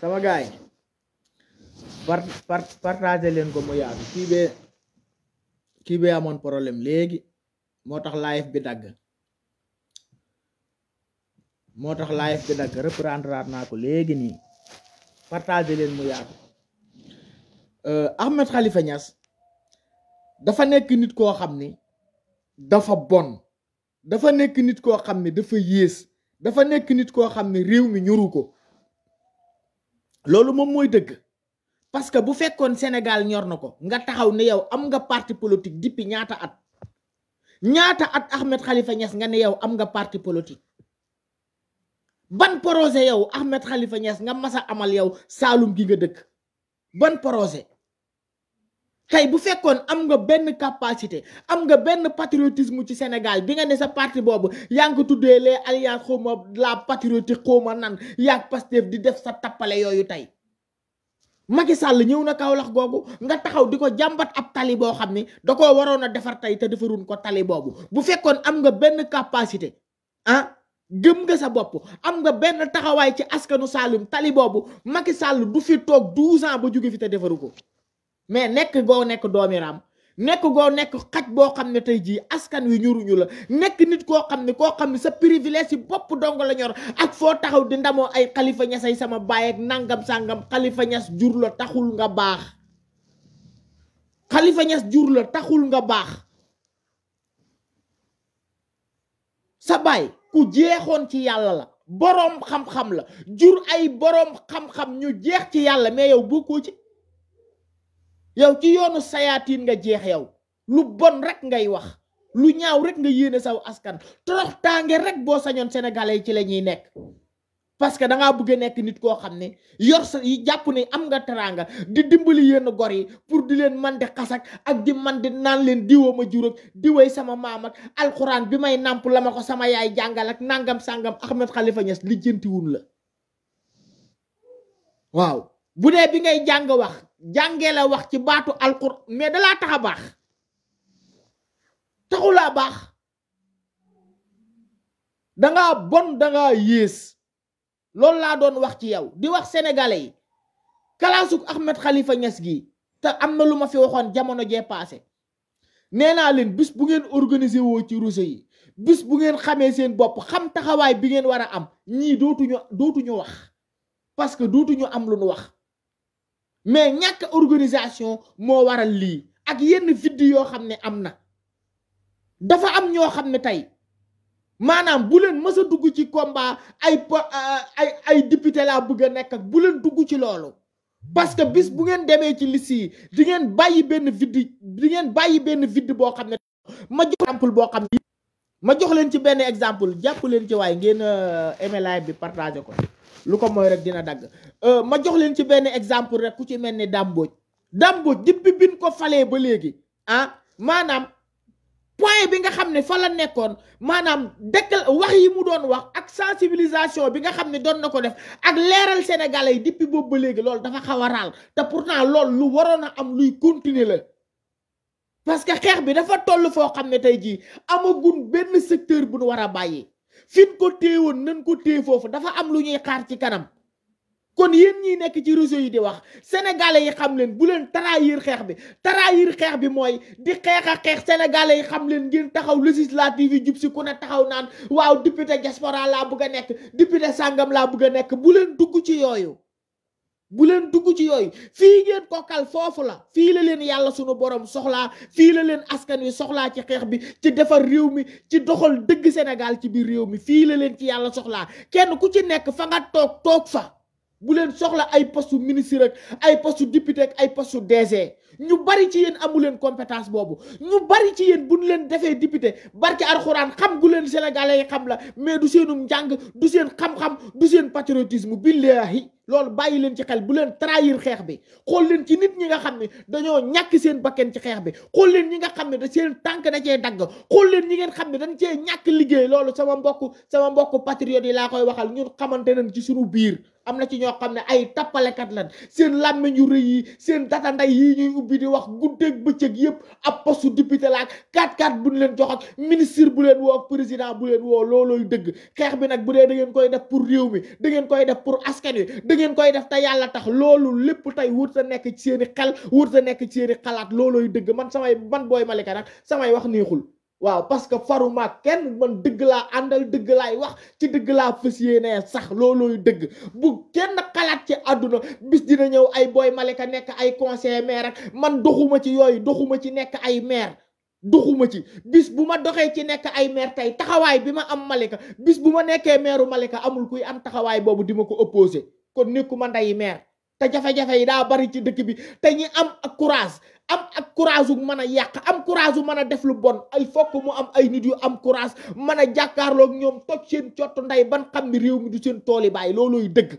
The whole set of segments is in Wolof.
sama gaay par par leen ko mu yaatu kii bee amoon problème léegi moo tax live bi dagg moo tax live bi dagg reprendre naa ko léegi nii partager leen mu yaatu euh, Ahmed Khalifa Niass dafa nekk nit koo xam ni dafa bon dafa nekk nit koo xam ni dafa yées dafa nekk nit koo xam ni réew mi ñuru ko loolu moom mooy dëgg parce que bu fekkoon Sénégal ñor na ko nga taxaw ne yow am nga parti politique depuis ñaata at ñaata at Ahmed Khalifa Niass nga ne yow am nga parti politique ban projet yow Ahmed Khalifa Niass nga mas amal yow Saalum gi nga dëkk ban projet tey bu fekkoon am nga benn capacité am nga benn patriotisme ci Sénégal bi nga ne sa parti boobu yaa ngi ko tuddee les alliances xawma la patriotique xawma nan yaag Pastef di def sa tappale yooyu tey Macky sàll ñëw na Kaolack googu nga taxaw di ko jàmbat ab tali boo xam ni da ko waroon a defar tey te defarun ko tali boobu bu fekkoon am nga benn capacité ah gëm nga sa bopp am nga benn taxawaay ci askanu Saloum tali boobu Macky Sall du fi toog 12 ans ba jóge fi te defaru ko mais nekk goo nekk doomiram nekk goo nekk xaj boo xam ne tey jii askan wi ñuruñu la nekk nit koo xam ne koo xam ne sa privilège si bopp dong la ñor ak foo taxaw di ndamoo ay xalifa ñasay sama baay ak nangam sàngam xalifa ñas jur la taxul nga baax xalifa jur la taxul nga baax sa baay ku jeexoon ci yàlla la boroom xam-xam la jur ay boroom xam-xam ñu jeex ci yàlla mais yow bokkoo ci yow ci yoonu sayaatiin nga jeex yow lu bon rek ngay wax lu ñaaw rek nga yéene saw askan torox tànge rek boo sañoon sénégalais ci la ñuy nekk parce que da bëgg a nekk nit koo xam ne yor sa yi jàpp ne am nga teraanga di dimbali yenn gor yi pour di leen man di xasak ak di man di naan leen diwoo ma jur ak sama maam ak alxuraan bi may nàmp la ma ko sama yaay jàngal ak nangam sàngam Ahmed Khalifa Niass lijjantiwul la waaw bu dee bi ngay jàng wax jàngee la wax ci baatu alqur mais dalaa tax a baax taxulaa baax dangaa bon dangaa yées loolu laa doon wax ci yow di wax sénégalais yi Ahmed Khalifa Niass gi te am na lu ma fi waxoon jamono jee passé nee naa leen bis bu ngeen organiser woo ci ruuse yi bis bu ngeen xamee seen bopp xam taxawaay bi ngeen war am ñii dootuñu dootuñu wax parce que dootuñu am lu wax mais ñàkk organisation moo waral lii ak yenn vidéo yoo xam ne am na dafa am ñoo xam ne tey maanaam bu leen mës dugg ci combat ay euh, ay ay député laa bëgg a nekk ak bu leen dugg ci loolu parce que bis bu ngeen demee ci liste yi di ngeen bàyyi benn fidd di ngeen bàyyi benn vidéo boo xam ne ma jox boo xam ne ma jox leen ci benn exemple jàpp leen ci waaye ngeen euh, aimé live bi partagé ko lu ko mooy rek dina dagg euh, ma jox leen ci benn exemple rek ku ci mel ni dàmbooj dàmbooj depuis bi ko falee ba léegi ah maanaam point bi nga xam ne fa la nekkoon maanaam dekkal wax yi mu doon wax ak sensibilisation bi nga xam ne doon na ko def ak leeral Sénégalais yi depuis boobu ba léegi loolu dafa xaw a raal te pourtant loolu lu waroon a am luy continuer la parce que xeex bi dafa toll foo xam ne tey jii amagun benn secteur bu nu war a bàyyi fin ko téewoon nan ko téye foofu dafa am lu ñuy xaar ci kanam kon yéen ñi nekk ci réseau yi di wax sénégalais yi xam leen bu leen trahir xeex bi trahir xeex bi mooy di xeexa xeex sénégalais yi xam leen ngeen taxaw législative yi jub si ku ne taxaw naan waaw député diaspora laa bëgg a nekk député sàngam laa bëgg a nekk bu leen dugg ci yooyu bu leen dugg ci yooyu fii ngeen kookal foofu la fii la leen yàlla sunu borom soxlaa fii la leen askan wi soxlaa ci xeex bi ci defar réew mi ci doxal dëgg Sénégal ci biir réew mi fii la leen ci yàlla soxlaa kenn ku ci nekk fa nga toog toog fa bu leen soxla ay postu ministre ak ay postu député ay postu DG ñu bari ci yéen amu leen compétence boobu ñu bari ci yéen bu ñu leen defee député barki alxuraan xam gu leen sénégalais yi xam la mais du seenum njàng du seen xam-xam du seen patriotisme billaahi loolu bàyyi leen ci xel bu leen trahir xeex bi xool leen ci nit ñi nga xam ne dañoo ñàkk seen bakken ci xeex bi xool leen ñi nga xam ne da seen tànk da cee dagg xool leen ñi ngeen xam ne dañ cee ñàkk liggéey loolu sama mbokk sama mbokk patriot yi laa koy waxal ñun xamante nañ ci suñu biir am na ci ñoo xam ne ay tappalekat lan seen làmmiñ yu rëy yi seen data nday yii ñuy ubbi di wax guddeeg bëccëg yëpp ab postu député la ak 4-4 bu ñu leen jox ak bu leen woo président bu leen woo loolooy dëgg xeex bi nag bu dee da ngeen koy def pour réew mi da ngeen koy def pour askan wi da ngeen koy def te yàlla tax loolu lépp tey wut sa nekk ci seeni xel wut sa nekk ci seeni xalaat loolooy dëgg man samay man booy malika nag samay wax neexul waaw parce que faruma kenn man dëgg laa àndal dëgg laay wax ci dëgg laa fës nee sax loolooy dëgg bu kenn xalaat ci àdduna bis dina ñëw ay booy malika nekk ay conseil maire rek man doxuma ci yooyu doxuma ci nekk ay maire doxuma ci bis bu ma doxee ci nekk ay maire tey taxawaay bi ma am malika bis bu ma nekkee meeru malika amul kuy am taxawaay boobu di ma ko opposé kon ma ndeyi meer te jafe-jafe yi daa bari ci dëkk bi te ñi am courage am ak courage bu mën a yàq am courage bu mën a def lu bon ay fokk mu am ay nit yu am courage mën a jàkkaarlook ñoom toj seen cott ndey ban xam ni réew mi du seen tool yi bàyyi loolooy dëgg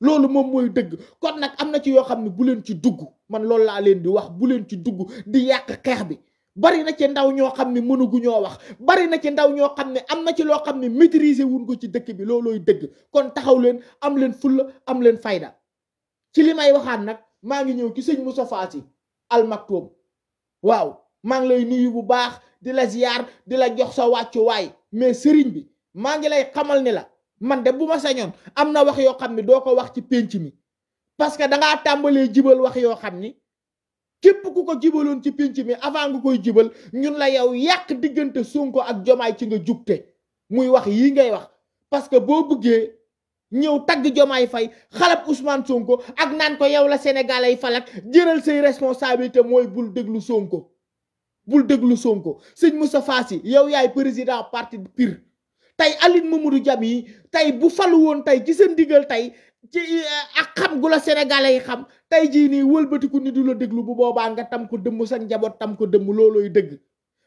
loolu moom mooy dëgg kon nag am na ci yoo xam ne bu leen ci dugg man loolu laa leen di wax bu leen ci dugg di yàq xeex bi bari na ci ndaw ñoo xam ne mënugu wax bari na ci ndaw ñoo xam ne am na ci loo xam ne maîtriser wun ko ci dëkk bi loolooy dëgg kon taxaw leen am leen fulla am leen fayda ci li may waxaat nag maa ngi ñëw ci mu Moustapha Sy almaktoum waaw maa ngi lay nuyu bu baax di la ziyaar di la jox sa wàccuwaay mais sëriñ bi maa ngi lay xamal ni la man de bu ma sañoon am na wax yoo xam ne doo ko wax ci pénc mi parce que dangaa tàmbalee jibal wax yoo xam ni képp ku ko jibaloon ci pénc mi avant nga koy jibal ñun la yow yàq diggante Sonko ak Jomaay ci nga jubte muy wax yi ngay wax parce boo bëggee ñëw tagg Jomaay Fay xalab Ousmane Sonko ak naan ko yow la Sénégal ay falak jëral say responsabilité mooy bul déglu Sonko bul déglu Sonko sëñ Moustapha Sy yow yaay président parti pire tey Aline Mamadou jam yi tey bu falu woon tey ci seen diggal tey ci eh, ak xam gu la sénégalais yi xam tey jii nii wëlbatiku ni du la déglu bu boobaa nga tam ko dëmm sa njaboot tam ko dëmm loolooy dëgg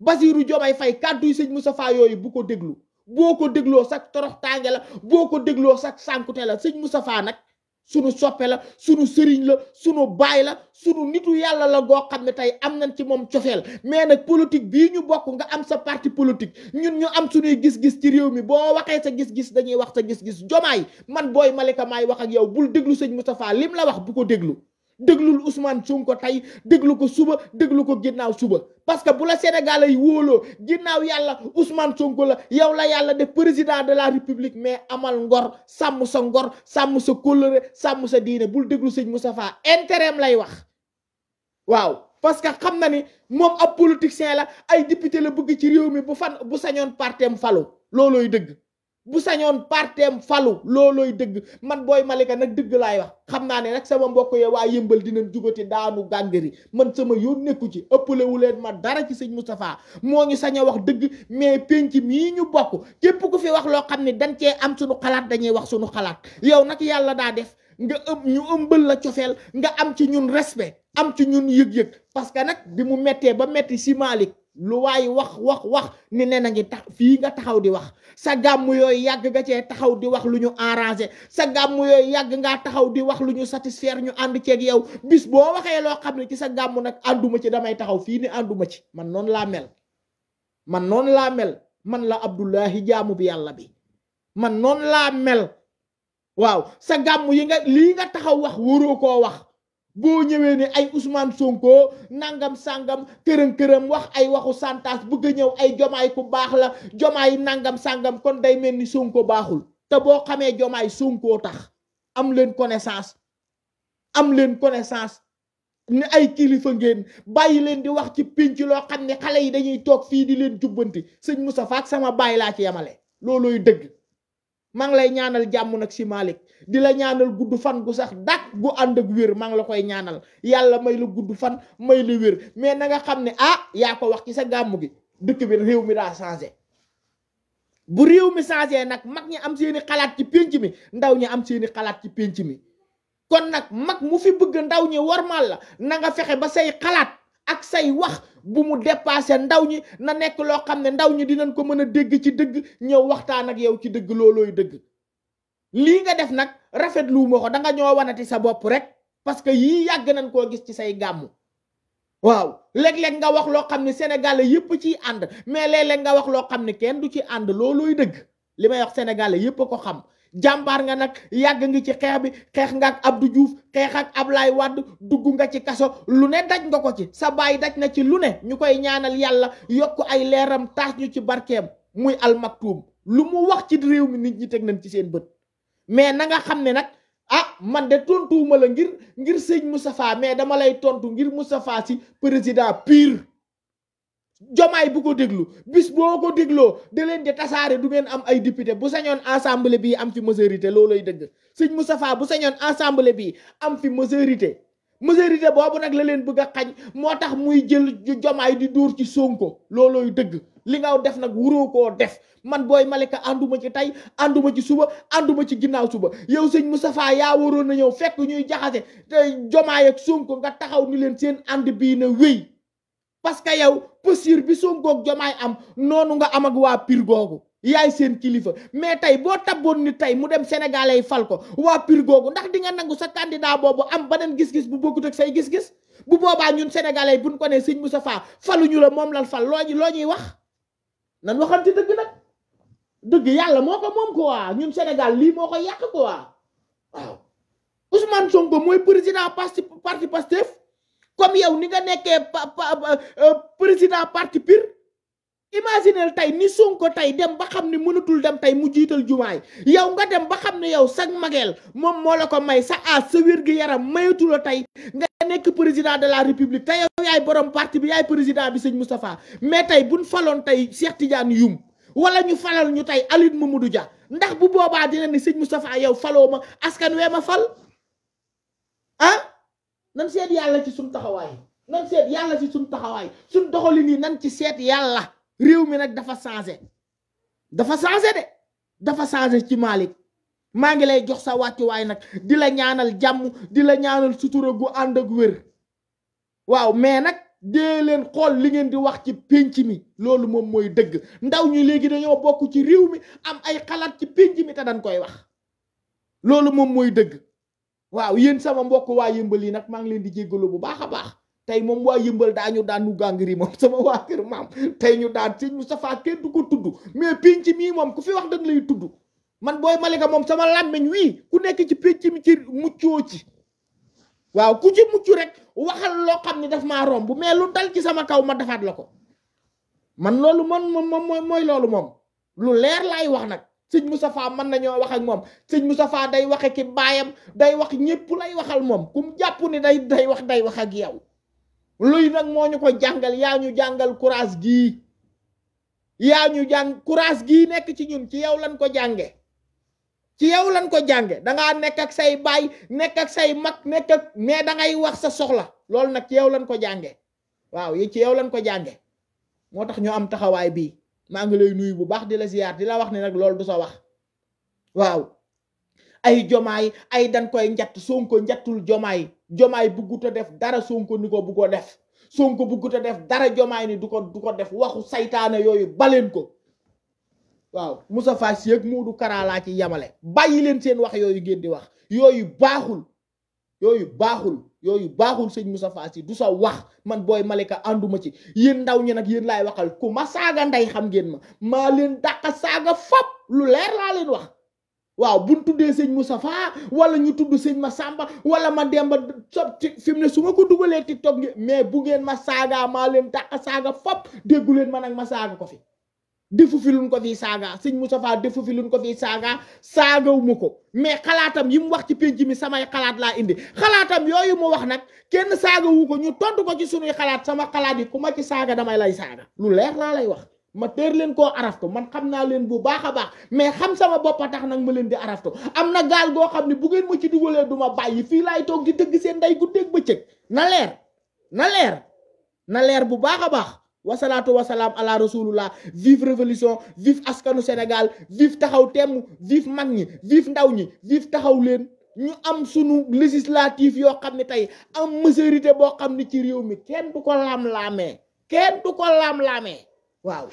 Basirou Diomaye Faye kàdduy sëñ Moustapha yooyu bu ko déglu boo ko dégloo sax torox tànge la boo ko dégloo sax sànkute la sëñ Moustapha nag sunu soppe la sunu sëriñ la sunu baay la sunu nitu yàlla la goo xam ne tey am nañ ci moom cofeel mais nag politique bii ñu bokk nga am sa parti politique ñun ñu am sunuy gis-gis ci réew mi boo waxee sa gis-gis dañuy wax sa gis-gis jomaay man booy Malika maay wax ak yow bul déglu sëñ Moustapha lim la wax bu ko déglu déglul Ousmane Sonko tey déglu ko suba déglu ko ginnaaw suba parce que bu la Sénégalais yi wóoloo ginnaaw yàlla Ousmane Sonko la yow la yàlla def président de la république mais amal ngor sàmm sa ngor sàmm sa kóllëre sàmm sa diine bul déglu sëñ Moustapha intérim lay wax waaw parce que xam na ni moom ab politicien la ay député la bëgg ci réew mi bu fan bu sañoon partem falu loolooy dégg bu sañoon parteem falu loolooy dëgg man booy Malika nag dëgg laay wax xam naa ne nag sama mbokk yee waa yëmbal dinañ jugati daanu gàngari man sama yoon nekku ci ëppale leen ma dara ci sëñ Moustapha moo ñu sañ a wax dëgg mais penc mii ñu bokk képp ku fi wax loo xam ne dañ cee am suñu xalaat dañuy wax suñu xalaat yow nag yàlla daa def nga ëm ñu ëmbal la cofeel nga am ci ñun respect am ci ñun yëg-yëg parce que nag bi mu mettee ba metti si Malick lu way wax wax wax ni ne na ngi tax fi nga taxaw di wax sa gam yooyu yag nga ci taxaw di wax luñu arranger sa gam yooyu yag nga taxaw di wax luñu satisfaire ñu ci ak yow bis bo waxe lo xamni ci sa gam nak anduma ci damay taxaw fi ni anduma ci man non la mel man non la mel man la Abdullahi jamu bi yalla bi man wow la mel waaw sa gam yi nga li nga taxaw wax ko wax boo ñëwee ni ay Ousmane Sonko nangam sangam këram këram wax ay waxu santas bëgg a ñëw ay jomaay ku baax la jomaay nangam sàngam kon day mel ni Sonko baaxul te boo xamee jomaay Sonko tax am leen connaissance am leen connaissance ne ay kilifa ngeen bàyyi leen di wax ci pinc loo xam ne xale yi dañuy toog fii di leen jubbanti sëñ Moussa Faak sama bàyyi laa ci yemale loolooy dëgg maa ngi lay ñaanal jàmm nag si Malick di la ñaanal gudd fan gu sax dak gu ànd ak wér maa ngi la koy ñaanal yàlla may la gudd fan may la wér mais na nga xam ne ah yaa ko wax ci sa gàmmu gi dëkk bi réew mi daa changé bu réew mi changé nag mag ñi am seeni xalaat ci pénc mi ndaw ñi am seeni xalaat ci pénc mi kon nag mag mu fi bëgg ndaw ñi warmal la na nga fexe ba say xalaat ak say wax bu mu dépassé ndaw ñi na nekk loo xam ne ndaw ñi dinañ ko mën a dégg ci dëgg ñëw waxtaan ak yow ci dëgg loolooy dëgg lii nga def nag rafetluwuma ko da nga ñoo wanati sa bopp rek parce que yii yàgg nañ koo gis ci say gàmmu waaw léeg-léeg nga wax loo xam ne sénégalais yëpp ciy ànd mais léeg nga wax loo xam ne kenn du ci ànd loolooy dëgg li may wax sénégalais yëpp a ko xam jàmbaar nga nag yàgg ngi ci xeex bi xeex nga ak du Diouf xeex ak Ablaye wàdd dugg nga ci kaso lu ne daj nga ko ci sa baay daj na ci lu ne ñu koy ñaanal yàlla yokk ay leeram taas ñu ci barkeem muy almaktuum lu mu wax ci réew mi nit ñi teg nañ ci seen bët mais na nga xam ne nag ah man de tontuwuma la ngir ngir sëñ Moustapha mais dama lay tontu ngir Moustapha si président pire. jomaay bu ko déglu bis boo ko dégloo da leen di tasaare du ngeen am ay député bu sañoon assemblée bii am fi majorité loolay dëgg sëñ Moustapha bu sañoon assemblée bi am fi majorité majorité boobu nag la leen bëgg a xañ moo tax muy jël jomaay di dóor ci sonko loolooyu dëgg li nga def nag wuroo koo def man booy Malika ànduma ci tey ànduma ci suba ànduma ci ginnaaw suba yow sëñ Moustapha yaa waroon na ñëw fekk ñuy jaxase te jomaay ak sonko nga taxaw ni leen seen ànd bii na wéy parce que yow posture bi sonko ak jomaay am noonu nga am ak waa pir googu yaay seen kilifa mais tey boo tabboon nit tey mu dem sénégalais yi fal ko waa pir googu ndax di nga nangu sa candidat boobu am beneen gis-gis bu bokkut ak say gis-gis bu boobaa ñun sénégalais yi buñ ko nee sëñ Moussa Fall faluñu la moom lan fal loo ñu loo ñuy wax nan waxante dëgg nag dëgg yàlla moo ko moom quoi ñun Sénégal lii moo ko yàq ko quoi waaw Ousmane Sonko mooy président parti parti Pastef comme yow ni nga nekkee euh, président parti pire el tay ni sonko tay dem ba xamni munutul dem tay mu jital jumaay yow nga dem ba xamni yow sang magel mom mo la ko may sa a sa wër yaram mayatul tay nga nek president de la republique tay yow yaay borom parti bi yaay president bi seigne mustapha mais tay buñ falon tay cheikh tidiane yum wala ñu falal ñu tay alid mamadou dia ndax bu boba dina ni seigne mustapha yow faloma askan wema fal ah nan seet yalla ci sun taxaway nan seet yalla ci sun taxaway sun doxali ni nan ci seet yalla réew mi nag dafa changé dafa changé de dafa changé ci Malick maa ngi lay jox sa wàccuwaay nag di la ñaanal jàmm di la ñaanal sutura gu ànd ak wér waaw mais nag dee leen xool li ngeen di wax ci pénc mi loolu moom mooy dëgg ndaw ñu léegi dañoo bokk ci réew mi am ay xalaat ci pénc mi te dañ koy wax loolu moom mooy dëgg waaw yéen sama mbokk waa yëmbal yi nag maa ngi leen di jéggalu bu baax a baax tey moom waa yëmbal daa ñu daan nu gàngri moom sama waa kër maam tey ñu daan sëñ Moustapha kenn du ko tudd mais pénc mii moom ku fi wax dañ lay tudd man booy Malika moom sama làmmiñ wii ku nekk ci pénc mi ci muccoo ci waaw ku ci mucc rek waxal loo xam ni daf maa romb mais lu dal ci sama kaw ma defaat la ko man loolu man moom mooy loolu moom lu leer laay wax nag sëñ Moustapha mën nañoo wax ak moom sëñ safaa day waxe ki baayam day wax ñépp lay waxal moom kum jàpp ni day day wax day wax ak yow luy nag moo ñu ko jàngal yaa ñu jàngal courage gii yaa ñu jàng courage gii nekk ci ñun ci yow lan ko jànge ci yow lan ko jànge dangaa nekk ak say baay nekk ak say mag nekk ak mais dangay wax sa soxla lool nag ci yow lan ko jànge waaw yi ci yow lan ko jànge moo tax ñu am taxawaay bii maa ngi lay nuyu bu baax di la ziyaar di la wax ne nag loolu du sa wax waaw ay jomaay ay dañ koy njatt Sonko njattul jomaay jomaay buggut a def dara Sonko ni ko buggoo def Sonko buggut a def dara jomaay ni du ko du ko def waxu saytaane yooyu baleen ko waaw Moussa Fass yeeg Moodu Kara yamale bàyyi leen seen wax yooyu ngeen di wax yooyu baaxul yooyu baaxul yooyu baaxul sëñ Moussa Fass du sa wax man booy Malika ànduma ci yéen ndaw ñi nag yéen laay waxal ku ma saaga ndey xam ngeen ma maa leen dàqa saaga fop lu leer laa leen wax waaw bu buñ tuddee sëñ Moustapha wala ñu tudd sëñ ma Massamba wala ma demba sob si fi mu ne su ma ko dugalee TikTok ngi mais bu ngeen ma saaga maa leen dàq saaga fop déggu leen ma nag ma saaga ko fi defu fi luñ ko fi saaga sëñ Moustapha defu fi luñ ko fi saaga saagawuma ko mais xalaatam yi mu wax ci penc mi samay xalaat laa indi xalaatam yooyu mu wax nag kenn saagawu ko ñu tontu ko ci sunuy xalaat sama xalaat yi ku ma ci saaga damay lay saaga lu leer laa lay wax ma tër leen koo araftu man xam naa leen bu baax baax mais xam sama bopp a tax nag ma leen di araftu am na gaal goo xam ne bu ngeen ma ci dugalee du ma bàyyi fii laay toog di dëgg seen ndey guddeeg bëccëg na leer na leer na leer bu baax a baax wasalaatu wasalaam ala rasulullah vive révolution vive askanu Sénégal vive taxaw temm vive mag ñi vive ndaw ñi vive taxaw leen ñu am sunu législatif yoo xam ne tey am majorité boo xam ne ci réew mi kenn du ko laam-laamee kenn du ko laam-laamee Uau!